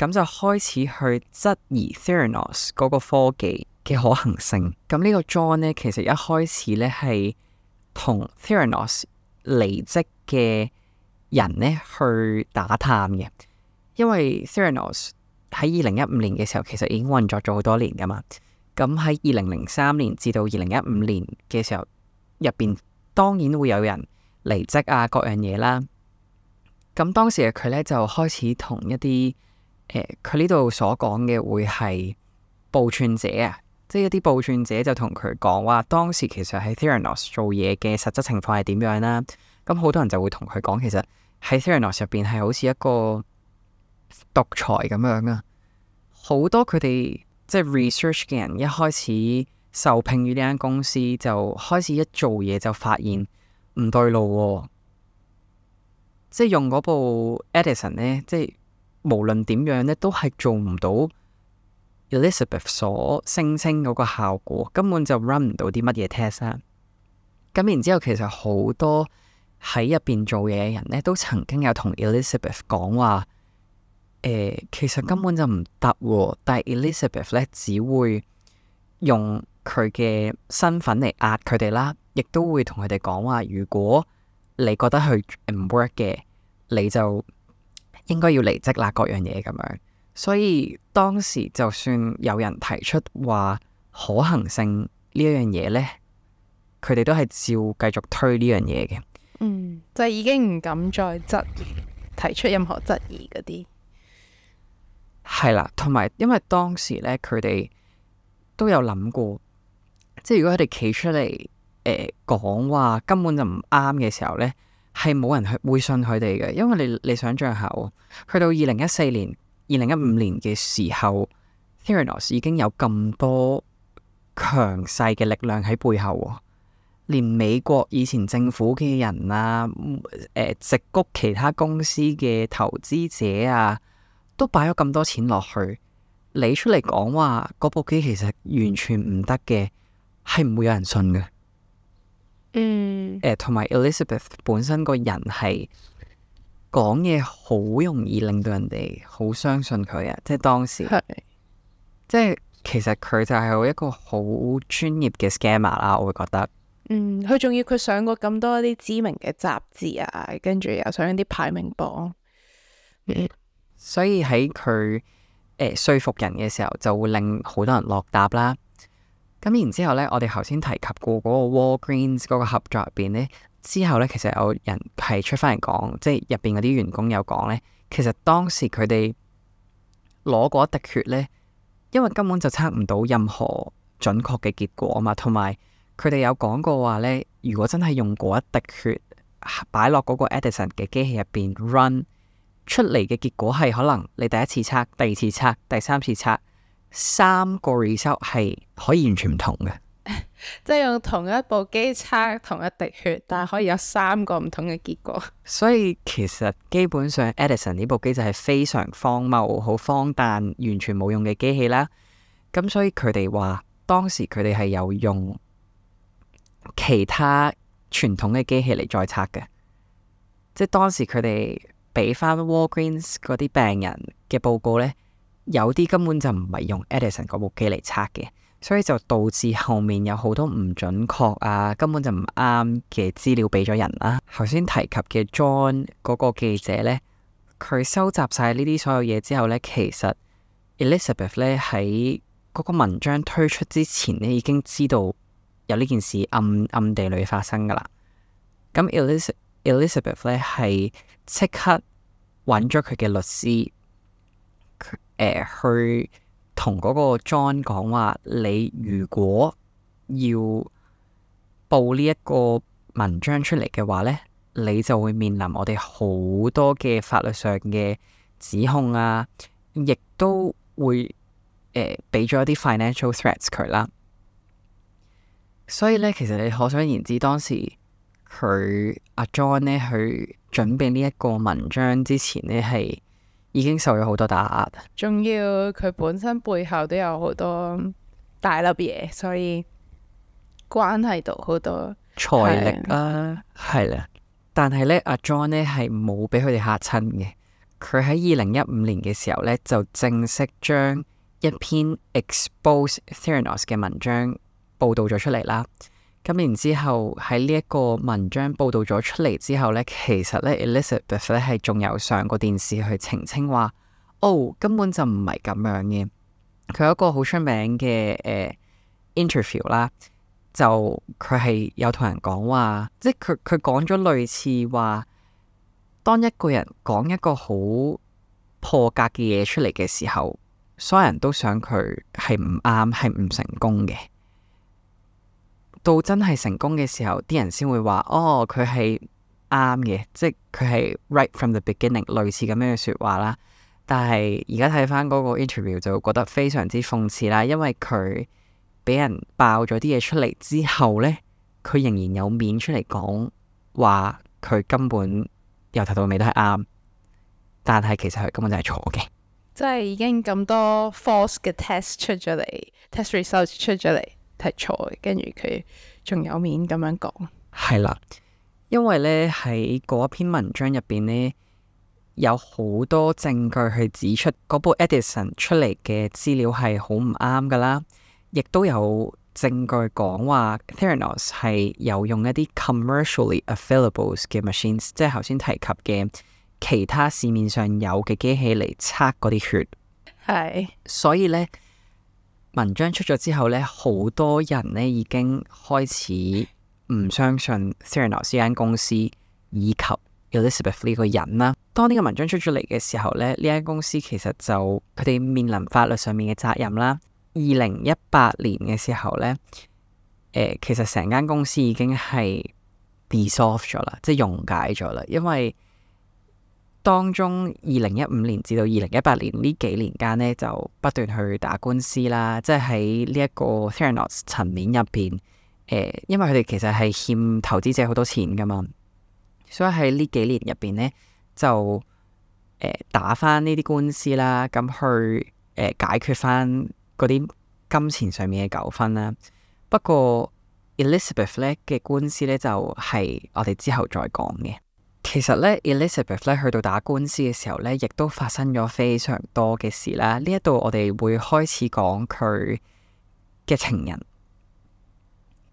咁就開始去質疑 Theranos 嗰個科技嘅可行性。咁呢個 John 呢，其實一開始呢係同 Theranos 離職嘅人呢去打探嘅，因為 Theranos 喺二零一五年嘅時候其實已經運作咗好多年噶嘛。咁喺二零零三年至到二零一五年嘅時候，入邊當然會有人離職啊，各樣嘢啦。咁當時佢呢，就開始同一啲。佢呢度所講嘅會係報串者啊，即係一啲報串者就同佢講話，當時其實喺 Theranos 做嘢嘅實質情況係點樣啦？咁好多人就會同佢講，其實喺 Theranos 入邊係好似一個獨裁咁樣啊！好多佢哋即係、就是、research 嘅人，一開始受聘於呢間公司，就開始一做嘢就發現唔對路、哦，即係用嗰部 Edison 咧，即係。無論點樣咧，都係做唔到 Elizabeth 所聲稱嗰個效果，根本就 run 唔到啲乜嘢 test！咁然之後，其實好多喺入邊做嘢嘅人咧，都曾經有同 Elizabeth 講話，誒、呃，其實根本就唔得喎。但係 Elizabeth 咧只會用佢嘅身份嚟壓佢哋啦，亦都會同佢哋講話，如果你覺得佢唔 work 嘅，你就。應該要離職啦，各樣嘢咁樣，所以當時就算有人提出話可行性呢一樣嘢呢，佢哋都係照繼續推呢樣嘢嘅。嗯，就係、已經唔敢再質疑，提出任何質疑嗰啲。係啦， 同埋因為當時呢，佢哋都有諗過，即係如果佢哋企出嚟，誒講話根本就唔啱嘅時候呢。係冇人去會信佢哋嘅，因為你你想象下，去到二零一四年、二零一五年嘅時候，Theranos 已經有咁多強勢嘅力量喺背後，連美國以前政府嘅人啊、誒、呃，矽谷其他公司嘅投資者啊，都擺咗咁多錢落去，你出嚟講話嗰部機其實完全唔得嘅，係唔會有人信嘅。嗯，誒、呃，同埋 Elizabeth 本身個人係講嘢好容易令到人哋好相信佢嘅，即係當時，的即係其實佢就係一個好專業嘅 scammer 啦，我會覺得。嗯，佢仲要佢上過咁多啲知名嘅雜誌啊，跟住又上一啲排名榜。嗯，所以喺佢誒說服人嘅時候，就會令好多人落搭啦。咁然之後呢，我哋頭先提及過嗰個 Walgreens 嗰個合作入邊呢。之後呢，其實有人係出翻嚟講，即係入邊嗰啲員工有講呢。其實當時佢哋攞嗰一滴血呢，因為根本就測唔到任何準確嘅結果嘛，同埋佢哋有講過話呢，如果真係用嗰一滴血擺落嗰個 Edison 嘅機器入邊 run 出嚟嘅結果係可能你第一次測、第二次測、第三次測。三個 result 係可以完全唔同嘅， 即係用同一部機測同一滴血，但係可以有三個唔同嘅結果。 所以其實基本上，Edison 呢部機就係非常荒謬、好荒誕、完全冇用嘅機器啦。咁所以佢哋話當時佢哋係有用其他傳統嘅機器嚟再測嘅，即係當時佢哋俾翻 Walgreens 嗰啲病人嘅報告呢。有啲根本就唔係用 Edison 嗰部機嚟測嘅，所以就導致後面有好多唔準確啊，根本就唔啱嘅資料俾咗人啦。頭先提及嘅 John 嗰個記者呢，佢收集晒呢啲所有嘢之後呢，其實 Elizabeth 呢喺嗰個文章推出之前呢，已經知道有呢件事暗暗地裏發生噶啦。咁 Elizabeth Elizabeth 咧係即刻揾咗佢嘅律師。誒、呃，去同嗰個 John 講話，你如果要報呢一個文章出嚟嘅話咧，你就會面臨我哋好多嘅法律上嘅指控啊，亦都會誒俾咗一啲 financial threats 佢啦。所以咧，其實你可想而知，當時佢阿、啊、John 咧去準備呢一個文章之前咧係。已經受咗好多打壓，仲要佢本身背後都有好多大粒嘢，所以關係到好多財力啦、啊，係啦、嗯。但係咧，阿 John 咧係冇俾佢哋吓親嘅。佢喺二零一五年嘅時候咧，就正式將一篇 Expose Theranos 嘅文章報道咗出嚟啦。咁然之後喺呢一個文章報道咗出嚟之後呢，其實呢 Elizabeth 咧係仲有上過電視去澄清話，哦，根本就唔係咁樣嘅。佢有一個好出名嘅、呃、interview 啦，就佢係有同人講話，即係佢佢講咗類似話，當一個人講一個好破格嘅嘢出嚟嘅時候，所有人都想佢係唔啱，係唔成功嘅。到真係成功嘅時候，啲人先會話：哦，佢係啱嘅，即係佢係 right from the beginning，類似咁樣嘅説話啦。但係而家睇翻嗰個 interview，就會覺得非常之諷刺啦。因為佢俾人爆咗啲嘢出嚟之後呢，佢仍然有面出嚟講話，佢根本由頭到尾都係啱。但係其實佢根本就係錯嘅，即係已經咁多 false 嘅 test 出咗嚟，test results 出咗嚟。題材，跟住佢仲有面咁樣講。係啦，因為咧喺嗰一篇文章入邊咧，有好多證據去指出嗰部 Edison 出嚟嘅資料係好唔啱噶啦，亦都有證據講話 Theranos 係有用一啲 commercially available 嘅 machines，即係頭先提及嘅其他市面上有嘅機器嚟測嗰啲血。係是，所以咧。文章出咗之後呢，好多人呢已經開始唔相信 Theranos 呢間公司以及 Elizabeth 呢個人啦。當呢個文章出咗嚟嘅時候呢，呢間公司其實就佢哋面臨法律上面嘅責任啦。二零一八年嘅時候呢，呃、其實成間公司已經係 dissolve 咗啦，即係溶解咗啦，因為。當中二零一五年至到二零一八年呢幾年間呢，就不斷去打官司啦，即係喺呢一個 Theranos 層面入邊，誒、呃，因為佢哋其實係欠投資者好多錢噶嘛，所以喺呢幾年入邊呢，就誒、呃、打翻呢啲官司啦，咁去誒、呃、解決翻嗰啲金錢上面嘅糾紛啦。不過 Elizabeth 咧嘅官司咧就係、是、我哋之後再講嘅。其實咧，Elizabeth 咧去到打官司嘅時候咧，亦都發生咗非常多嘅事啦。呢一度我哋會開始講佢嘅情人。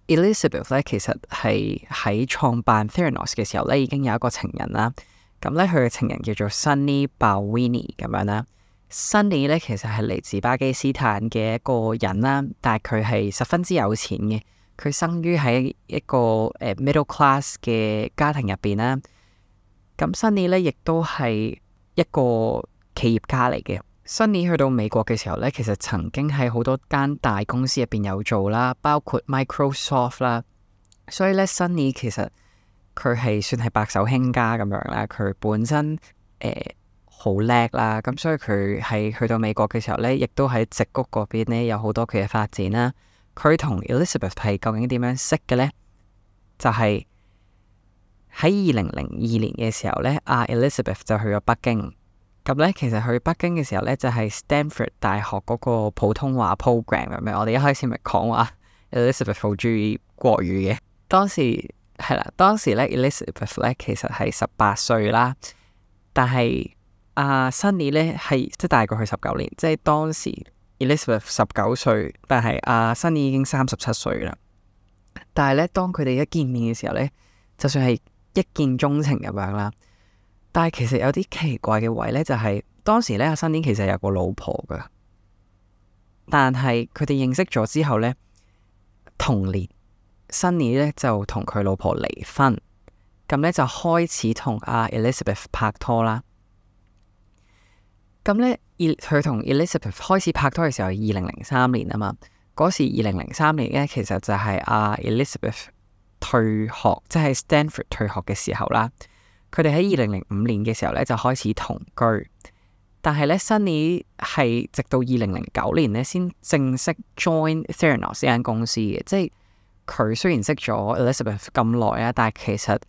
Elizabeth 咧其實係喺創辦 Theranos 嘅時候咧，已經有一個情人啦。咁咧佢嘅情人叫做 Sunny Balwani 咁樣啦。Sunny 咧其實係嚟自巴基斯坦嘅一個人啦，但係佢係十分之有錢嘅。佢生於喺一個誒、uh, middle class 嘅家庭入邊啦。咁 Sunny 咧，亦都係一個企業家嚟嘅。Sunny 去到美國嘅時候咧，其實曾經喺好多間大公司入邊有做啦，包括 Microsoft 啦。所以咧，Sunny 其實佢係算係白手興家咁樣啦，佢本身誒好叻啦，咁所以佢係去到美國嘅時候咧，亦都喺矽谷嗰邊咧有好多佢嘅發展啦。佢同 Elizabeth 係究竟點樣識嘅咧？就係、是。喺二零零二年嘅時候咧，阿 Elizabeth 就去咗北京。咁咧，其實去北京嘅時候咧，就係 Stanford 大學嗰個普通話 program 咁樣。我哋一開始咪講話 Elizabeth 好注意國語嘅。當時係啦，當時咧 Elizabeth 咧其實係十八歲啦，但係阿 Sunny 咧係即係大過佢十九年，即係當時 Elizabeth 十九歲，但係阿 Sunny 已經三十七歲啦。但係咧，當佢哋一見面嘅時候咧，就算係。一見鍾情咁樣啦，但係其實有啲奇怪嘅位呢，就係當時呢，阿 Sunny 其實有個老婆噶，但係佢哋認識咗之後呢，同年 Sunny 呢就同佢老婆離婚，咁呢，就開始同阿 Elizabeth 拍拖啦。咁呢，而佢同 Elizabeth 開始拍拖嘅時候係二零零三年啊嘛，嗰時二零零三年呢，其實就係阿 Elizabeth。退學即係 Stanford 退學嘅時候啦，佢哋喺二零零五年嘅時候咧就開始同居，但係咧 Sunny 係直到二零零九年咧先正式 join Theranos 呢間公司嘅，即係佢雖然識咗 Elizabeth 咁耐啊，但係其實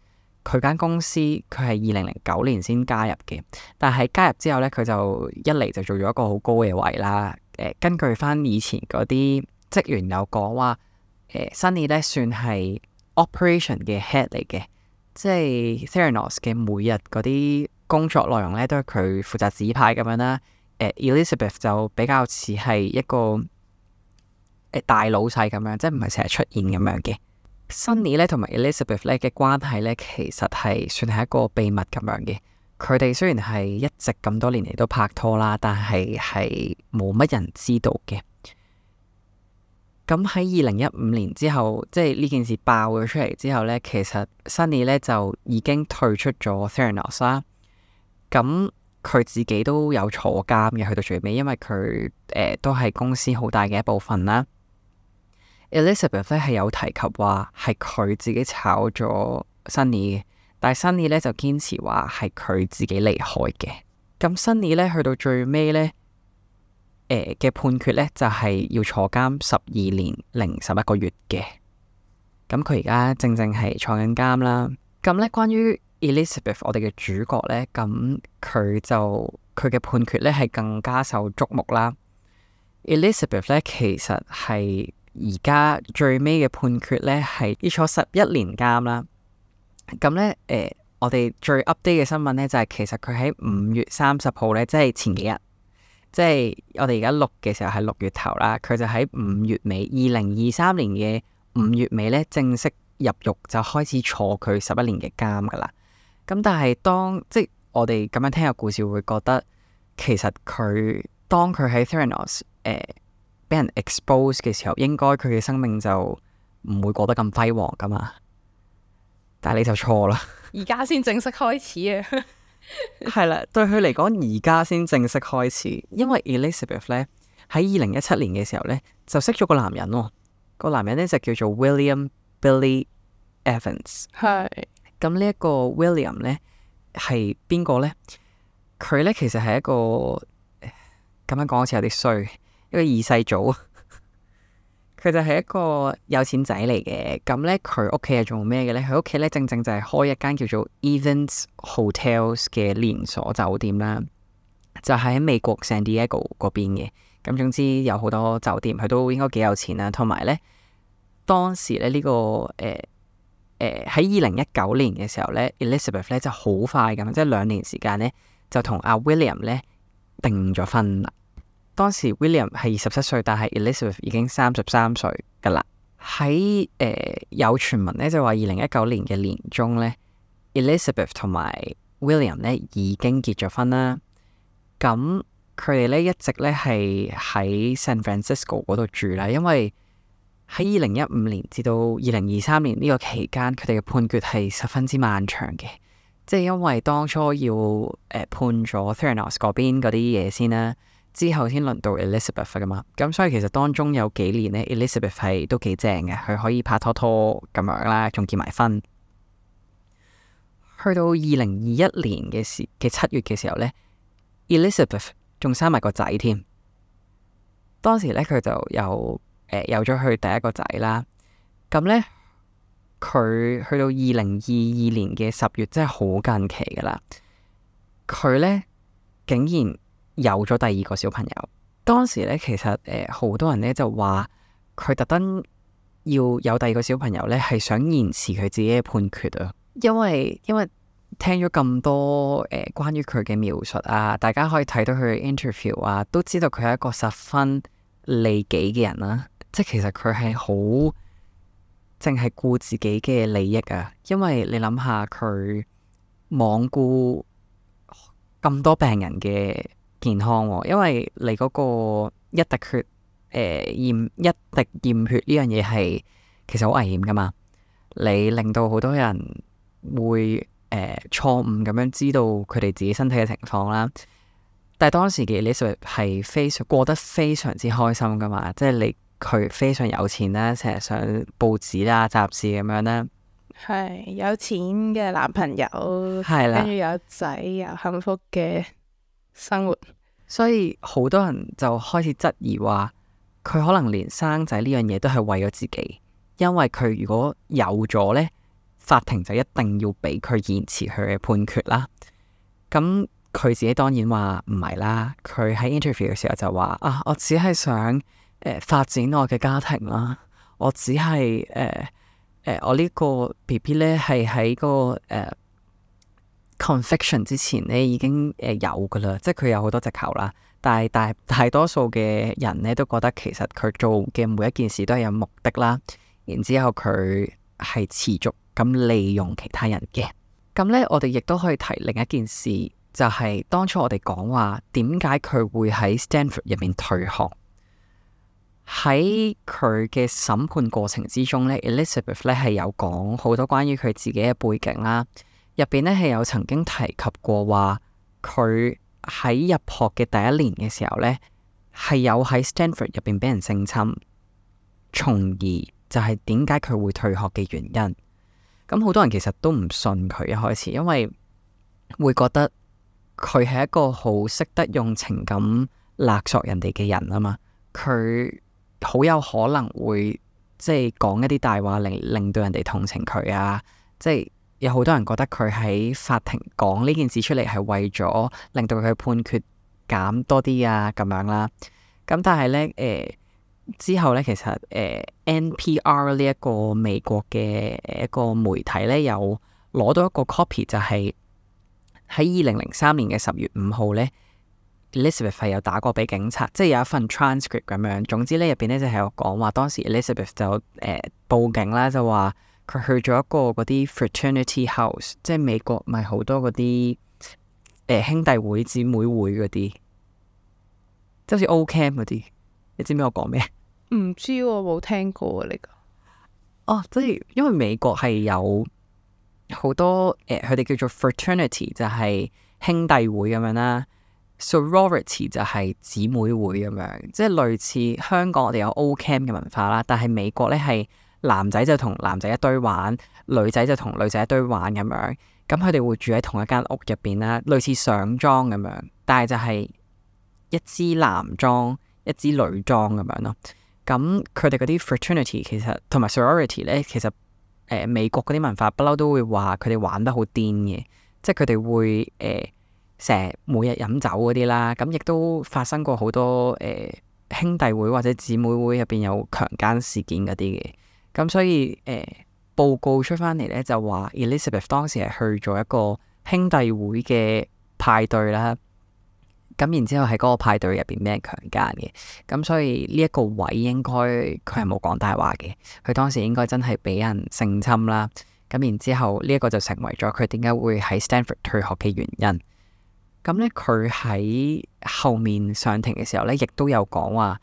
佢間公司佢係二零零九年先加入嘅，但係加入之後咧佢就一嚟就做咗一個好高嘅位啦，誒、呃、根據翻以前嗰啲職員有講話，誒、呃、Sunny 咧算係。Operation 嘅 head 嚟嘅，即係 Theranos 嘅每日嗰啲工作內容咧，都係佢負責指派咁樣啦。Uh, Elizabeth 就比較似係一個大老細咁樣，即係唔係成日出現咁樣嘅。Sunny 咧同埋 Elizabeth 咧嘅關係咧，其實係算係一個秘密咁樣嘅。佢哋雖然係一直咁多年嚟都拍拖啦，但係係冇乜人知道嘅。咁喺二零一五年之後，即係呢件事爆咗出嚟之後呢，其實 Sunny 咧就已經退出咗 Theranos 啦。咁佢自己都有坐監嘅，去到最尾，因為佢誒、呃、都係公司好大嘅一部分啦。Elizabeth 係有提及話係佢自己炒咗 Sunny，但係 Sunny 咧就堅持話係佢自己離開嘅。咁 Sunny 咧去到最尾呢。誒嘅、呃、判決咧，就係、是、要坐監十二年零十一個月嘅。咁佢而家正正係坐緊監啦。咁、嗯、咧，關於 Elizabeth，我哋嘅主角咧，咁、嗯、佢就佢嘅判決咧係更加受矚目啦。Elizabeth 咧其實係而家最尾嘅判決咧係要坐十一年監啦。咁咧誒，我哋最 update 嘅新聞咧就係，其實佢喺五月三十號咧，即係前幾日。即係我哋而家錄嘅時候係六月頭啦，佢就喺五月尾，二零二三年嘅五月尾咧正式入獄就開始坐佢十一年嘅監噶啦。咁但係當即係我哋咁樣聽個故事會覺得，其實佢當佢喺 Theranos 誒、呃、俾人 expose 嘅時候，應該佢嘅生命就唔會過得咁輝煌噶嘛。但係你就錯啦，而家先正式開始啊！ 係啦， 對佢嚟講，而家先正式開始，因為 Elizabeth 咧喺二零一七年嘅時候咧就識咗個男人喎、哦，那個男人咧就叫做 William Billy Evans。係是，咁呢，呢，呢一個 William 咧係邊個咧？佢咧其實係一個咁樣講好似有啲衰，一個二世祖。佢就係一個有錢仔嚟嘅，咁咧佢屋企係做咩嘅咧？佢屋企咧正正就係開一間叫做 Evans Hotels 嘅連鎖酒店啦，就喺美國 San Diego 嗰邊嘅。咁總之有好多酒店，佢都應該幾有錢啦。同埋咧，當時咧呢個誒誒喺二零一九年嘅時候咧，Elizabeth 咧就好快咁，即係兩年時間咧就同阿 William 咧定咗婚啦。當時 William 係二十七歲，但係 Elizabeth 已經三十三歲噶啦。喺誒、呃、有傳聞咧，就話二零一九年嘅年中咧，Elizabeth 同埋 William 咧已經結咗婚啦。咁佢哋咧一直咧係喺 San Francisco 嗰度住啦，因為喺二零一五年至到二零二三年呢個期間，佢哋嘅判決係十分之漫長嘅，即係因為當初要誒、呃、判咗 Theranos 嗰邊嗰啲嘢先啦。之後先輪到 Elizabeth 噶嘛，咁所以其實當中有幾年咧，Elizabeth 係都幾正嘅，佢可以拍拖拖咁樣啦，仲結埋婚。去到二零二一年嘅時嘅七月嘅時候咧，Elizabeth 仲生埋個仔添。當時咧佢就有誒、呃、有咗佢第一個仔啦，咁咧佢去到二零二二年嘅十月，真係好近期噶啦，佢咧竟然有咗第二個小朋友，當時咧其實誒，好、呃、多人咧就話佢特登要有第二個小朋友咧，係想延遲佢自己嘅判決啊。因為因為聽咗咁多誒、呃、關於佢嘅描述啊，大家可以睇到佢嘅 interview 啊，都知道佢係一個十分利己嘅人啦、啊。即係其實佢係好淨係顧自己嘅利益啊。因為你諗下佢罔顧咁多病人嘅。健康喎、哦，因為你嗰個一滴血，誒、呃、驗一滴驗血呢樣嘢係其實好危險噶嘛，你令到好多人會誒錯誤咁樣知道佢哋自己身體嘅情況啦。但係當時嘅你實係非常過得非常之開心噶嘛，即係你佢非常有錢啦，成日上報紙啦，雜誌咁樣啦，係有錢嘅男朋友，係啦，跟住有仔又幸福嘅生活，所以好多人就開始質疑話，佢可能連生仔呢樣嘢都係為咗自己，因為佢如果有咗呢，法庭就一定要俾佢延遲佢嘅判決啦。咁、嗯、佢自己當然話唔係啦，佢喺 interview 嘅時候就話啊，我只係想誒、呃、發展我嘅家庭啦，我只係誒、呃呃、我個寶寶呢個 B B 呢係喺個誒。呃 c o n f e c t i o n 之前咧，已經誒有噶啦，即係佢有好多隻球啦。但係但大,大多數嘅人咧，都覺得其實佢做嘅每一件事都係有目的啦。然之後佢係持續咁利用其他人嘅。咁咧，我哋亦都可以提另一件事，就係、是、當初我哋講話點解佢會喺 Stanford 入面退學。喺佢嘅審判過程之中咧，Elizabeth 咧係有講好多關於佢自己嘅背景啦。入邊咧係有曾經提及過話，佢喺入學嘅第一年嘅時候呢，係有喺 Stanford 入邊俾人性侵，從而就係點解佢會退學嘅原因。咁好多人其實都唔信佢一開始，因為會覺得佢係一個好識得用情感勒索人哋嘅人啊嘛。佢好有可能會即係講一啲大話，令令到人哋同情佢啊，即係。有好多人覺得佢喺法庭講呢件事出嚟係為咗令到佢判決減多啲啊咁樣啦。咁但係呢，誒、呃、之後呢，其實誒、呃、NPR 呢一個美國嘅一個媒體呢，有攞到一個 copy 就係喺二零零三年嘅十月五號呢 Elizabeth 係有打過俾警察，即係有一份 transcript 咁樣。總之呢，入邊呢就係、是、有講話當時 Elizabeth 就誒、呃、報警啦，就話。佢去咗一個嗰啲 fraternity house，即係美國咪好多嗰啲誒兄弟會、姊妹會嗰啲，即係好似 O camp 嗰啲。你知唔知我講咩？唔知，我冇聽過啊！呢個哦，即係因為美國係有好多誒，佢哋叫做 fraternity，就係兄弟會咁樣啦；sorority 就係姊妹會咁樣，即係類似香港我哋有 O camp 嘅文化啦。但係美國咧係。男仔就同男仔一堆玩，女仔就同女仔一堆玩咁樣。咁佢哋會住喺同一間屋入邊啦，類似上莊咁樣。但係就係一支男裝，一支女裝咁樣咯。咁佢哋嗰啲 fraternity 其實同埋 sorority 呢，其實誒、呃、美國嗰啲文化不嬲都會話佢哋玩得好癲嘅，即係佢哋會誒成日、呃、每日飲酒嗰啲啦。咁亦都發生過好多誒、呃、兄弟會或者姊妹會入邊有強姦事件嗰啲嘅。咁所以，誒、欸、報告出翻嚟咧，就話 Elizabeth 當時係去咗一個兄弟會嘅派對啦。咁然之後喺嗰個派對入邊俾人強姦嘅，咁所以呢一個位應該佢係冇講大話嘅，佢當時應該真係俾人性侵啦。咁然之後呢一個就成為咗佢點解會喺 Stanford 退學嘅原因。咁咧，佢喺後面上庭嘅時候咧，亦都有講話。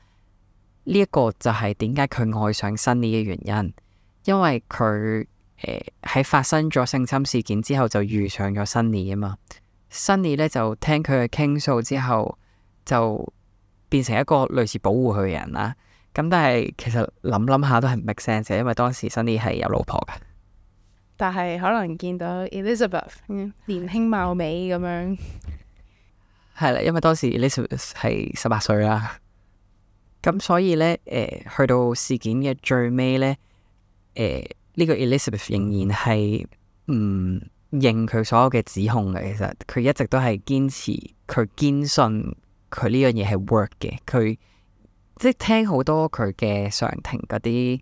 呢一個就係點解佢愛上 s h 嘅原因，因為佢誒喺發生咗性侵事件之後就遇上咗 s h e 啊嘛。s h e 咧就聽佢嘅傾訴之後，就變成一個類似保護佢嘅人啦。咁但係其實諗諗下都係唔 make sense，因為當時 s h e 係有老婆嘅。但係可能見到 Elizabeth 年輕貌美咁樣，係啦，因為當時 Elizabeth 係十八歲啦。 咁所以咧，誒、呃、去到事件嘅最尾咧，誒、呃、呢、這個 Elizabeth 仍然係唔認佢所有嘅指控嘅。其實佢一直都係堅持，佢堅信佢呢樣嘢係 work 嘅。佢即係聽好多佢嘅上庭嗰啲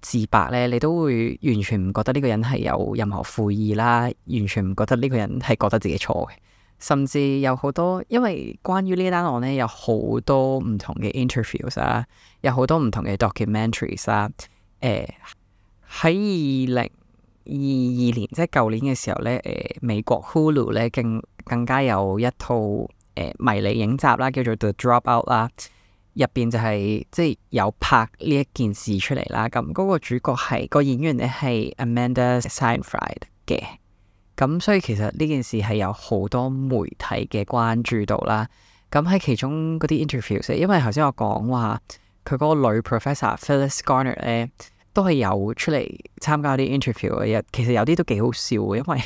自白咧，你都會完全唔覺得呢個人係有任何悔意啦，完全唔覺得呢個人係覺得自己錯嘅。甚至有好多，因為關於呢單案咧，有好多唔同嘅 interviews 啊，有好多唔同嘅 documentaries 啊。誒，喺二零二二年，即係舊年嘅時候咧，誒、啊，美國 Hulu 咧更更加有一套誒、啊、迷你影集啦，叫做 The Dropout 啦、啊，入邊就係、是、即係有拍呢一件事出嚟啦。咁、啊、嗰、那個主角係、那個演員咧係 Amanda Seyfried 嘅。咁所以其實呢件事係有好多媒體嘅關注度啦。咁喺其中嗰啲 interview，即因為頭先我講話佢嗰個女 professor Phyllis Garner 咧，都係有出嚟參加啲 interview 嘅。其實有啲都幾好笑嘅，因為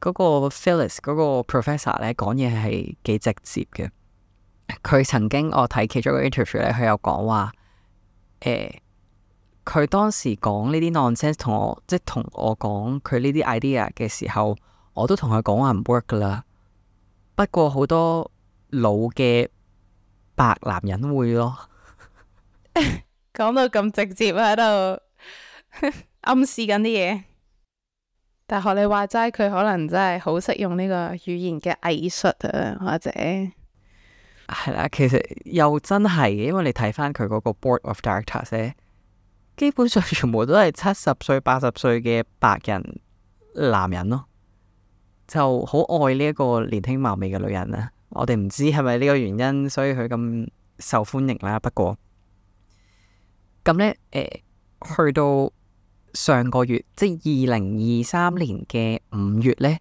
嗰個 Phyllis 嗰個 professor 咧講嘢係幾直接嘅。佢曾經我睇其中一個 interview 咧，佢有講話誒。佢當時講呢啲 nonsense 同我，即係同我講佢呢啲 idea 嘅時候，我都同佢講話唔 work 噶啦。不過好多老嘅白男人會咯 ，講 到咁直接喺度 暗示緊啲嘢。但學你話齋，佢可能真係好識用呢個語言嘅藝術啊，或者係啦。其實又真係嘅，因為你睇翻佢嗰個 board of directors 基本上全部都係七十歲、八十歲嘅白人男人咯，就好愛呢一個年輕貌美嘅女人啊！我哋唔知係咪呢個原因，所以佢咁受歡迎啦。不過咁呢，誒、呃，去到上個月，即係二零二三年嘅五月呢，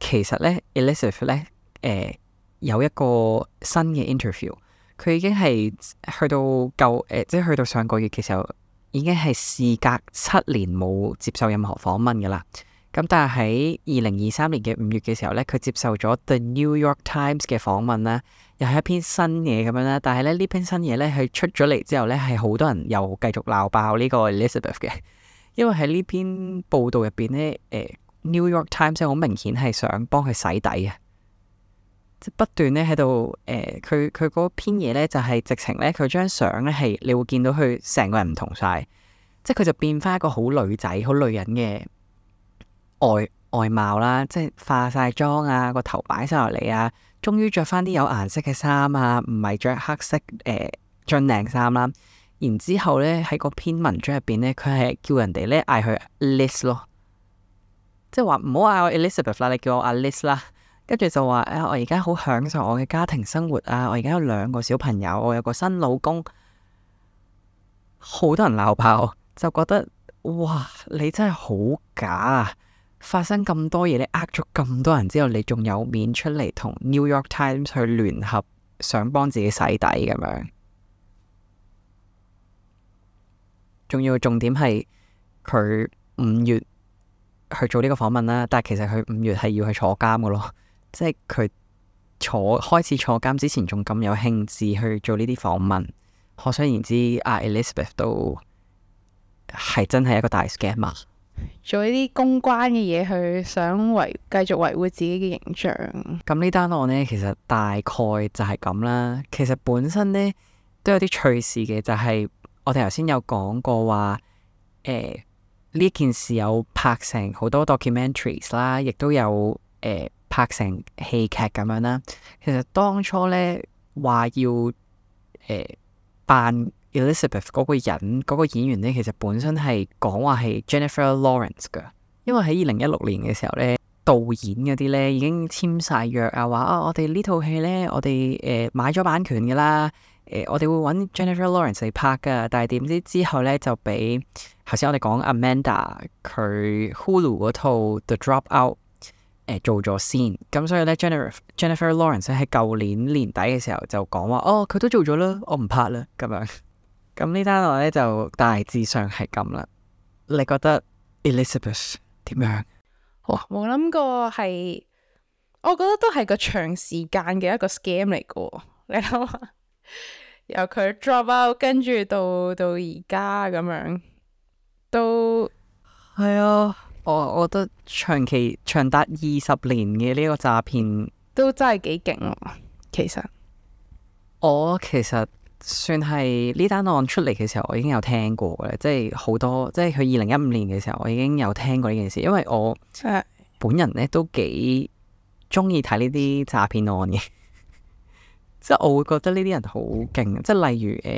其實呢 Elizabeth 咧，誒、呃，有一個新嘅 interview，佢已經係去到夠誒，即、呃、係、就是、去到上個月嘅時候。已經係事隔七年冇接受任何訪問嘅啦，咁但係喺二零二三年嘅五月嘅時候呢，佢接受咗 The New York Times 嘅訪問啦，又係一篇新嘢咁樣啦。但係咧，呢篇新嘢呢，佢出咗嚟之後呢，係好多人又繼續鬧爆呢個 Elizabeth 嘅，因為喺呢篇報道入邊呢，呃，誒 New York Times 好明顯係想幫佢洗底嘅。即不斷咧喺度，誒佢佢嗰篇嘢咧就係、是、直情咧佢張相咧係你會見到佢成個人唔同晒，即係佢就變翻一個好女仔、好女人嘅外外貌啦，即係化晒妝啊，個頭擺晒落嚟啊，終於着翻啲有顏色嘅衫啊，唔係着黑色誒樽、欸、領衫啦。然之後咧喺嗰篇文章入邊咧，佢係叫人哋咧嗌佢 Liz 咯，即係話唔好嗌我 Elizabeth 啦，你叫我阿 Liz 啦。跟住就話誒、哎，我而家好享受我嘅家庭生活啊！我而家有兩個小朋友，我有個新老公，好多人鬧爆，就覺得哇，你真係好假啊！發生咁多嘢，你呃咗咁多人之後，你仲有面出嚟同 New York Times 去聯合，想幫自己洗底咁樣？仲要重點係佢五月去做呢個訪問啦，但係其實佢五月係要去坐監噶咯。即係佢坐開始坐監之前，仲咁有興致去做呢啲訪問。可想而知，阿、啊、Elizabeth 都係真係一個大 scammer，做呢啲公關嘅嘢，去想維繼續維護自己嘅形象。咁呢單案呢，其實大概就係咁啦。其實本身呢，都有啲趣事嘅，就係、是、我哋頭先有講過話，誒、欸、呢件事有拍成好多 documentaries 啦，亦都有誒、欸拍成戲劇咁樣啦，其實當初呢，話要誒、呃、扮 Elizabeth 嗰個人嗰、個演員呢，其實本身係講話係 Jennifer Lawrence 噶。因為喺二零一六年嘅時候呢，導演嗰啲呢已經簽晒約啊，話啊、哦、我哋呢套戲呢，我哋誒、呃、買咗版權噶啦、呃，我哋會揾 Jennifer Lawrence 嚟拍噶，但係點知之後呢，就俾頭先我哋講 Amanda 佢 Hulu 嗰套 The Dropout。做咗先，咁所以咧 Jennifer Jennifer Lawrence 喺舊年年底嘅時候就講話，哦，佢都做咗啦，我唔拍啦，咁樣，咁呢單我咧就大致上係咁啦。你覺得 Elizabeth 點樣？哇，冇諗過係我覺得都係個長時間嘅一個 scam 嚟噶，你諗下， 由佢 drop out，跟住到到而家咁樣，都係啊。我覺得長期長達二十年嘅呢個詐騙都真係幾勁喎！其實我其實算係呢單案出嚟嘅時候，我已經有聽過嘅啦，即係好多即係佢二零一五年嘅時候，我已經有聽過呢件事，因為我本人咧都幾中意睇呢啲詐騙案嘅。即係我會覺得呢啲人好勁，即係例如誒、呃、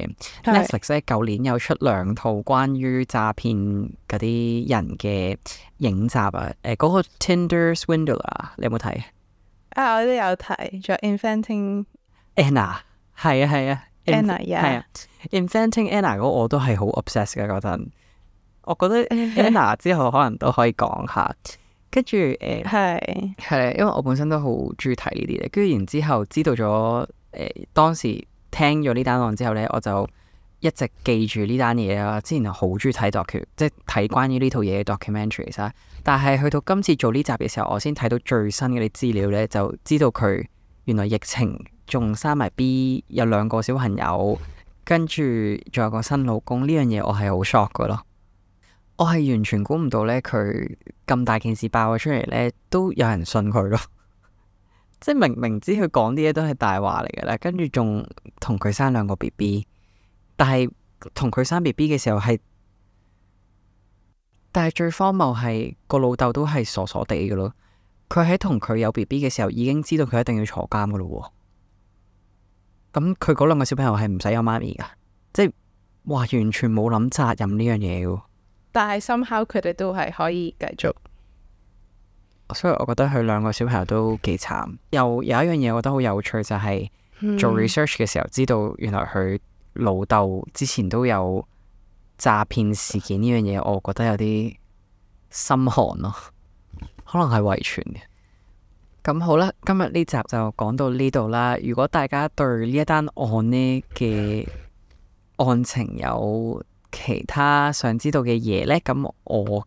是 Netflix 咧，舊年有出兩套關於詐騙嗰啲人嘅影集啊，誒、呃、嗰、那個 Tinder Swindler 你有冇睇啊？我都有睇，仲有 Inventing Anna 係啊係啊，啊 Anna 係 yeah 啊 Inventing Anna 嗰個我都係好 obsess 噶嗰陣，我覺得 Anna 之後可能都可以講下，跟住誒係係，因為我本身都好中意睇呢啲嘢。跟住然之後，然後知道咗。誒，當時聽咗呢單案之後呢，我就一直記住呢單嘢啦。之前好中意睇 document，即係睇關於呢套嘢嘅 documentary。其實，但係去到今次做呢集嘅時候，我先睇到最新嗰啲資料呢，就知道佢原來疫情仲生埋 B，有兩個小朋友，跟住仲有個新老公呢樣嘢，我係好 shock 噶咯。我係完全估唔到呢，佢咁大件事爆咗出嚟呢，都有人信佢咯。即係明明知佢講啲嘢都係大話嚟嘅啦，跟住仲同佢生兩個 B B，但係同佢生 B B 嘅時候係，但係最荒謬係個老豆都係傻傻地嘅咯，佢喺同佢有 B B 嘅時候已經知道佢一定要坐監噶咯，咁佢嗰兩個小朋友係唔使有媽咪噶，即係哇完全冇諗責任呢樣嘢噶，但係 somehow 佢哋都係可以繼續。所以我覺得佢兩個小朋友都幾慘。又有一樣嘢，我覺得好有趣就係做 research 嘅時候知道原來佢老豆之前都有詐騙事件呢樣嘢，我覺得有啲心寒咯。可能係遺傳嘅。咁好啦，今日呢集就講到呢度啦。如果大家對呢一單案呢嘅案情有其他想知道嘅嘢咧，咁我。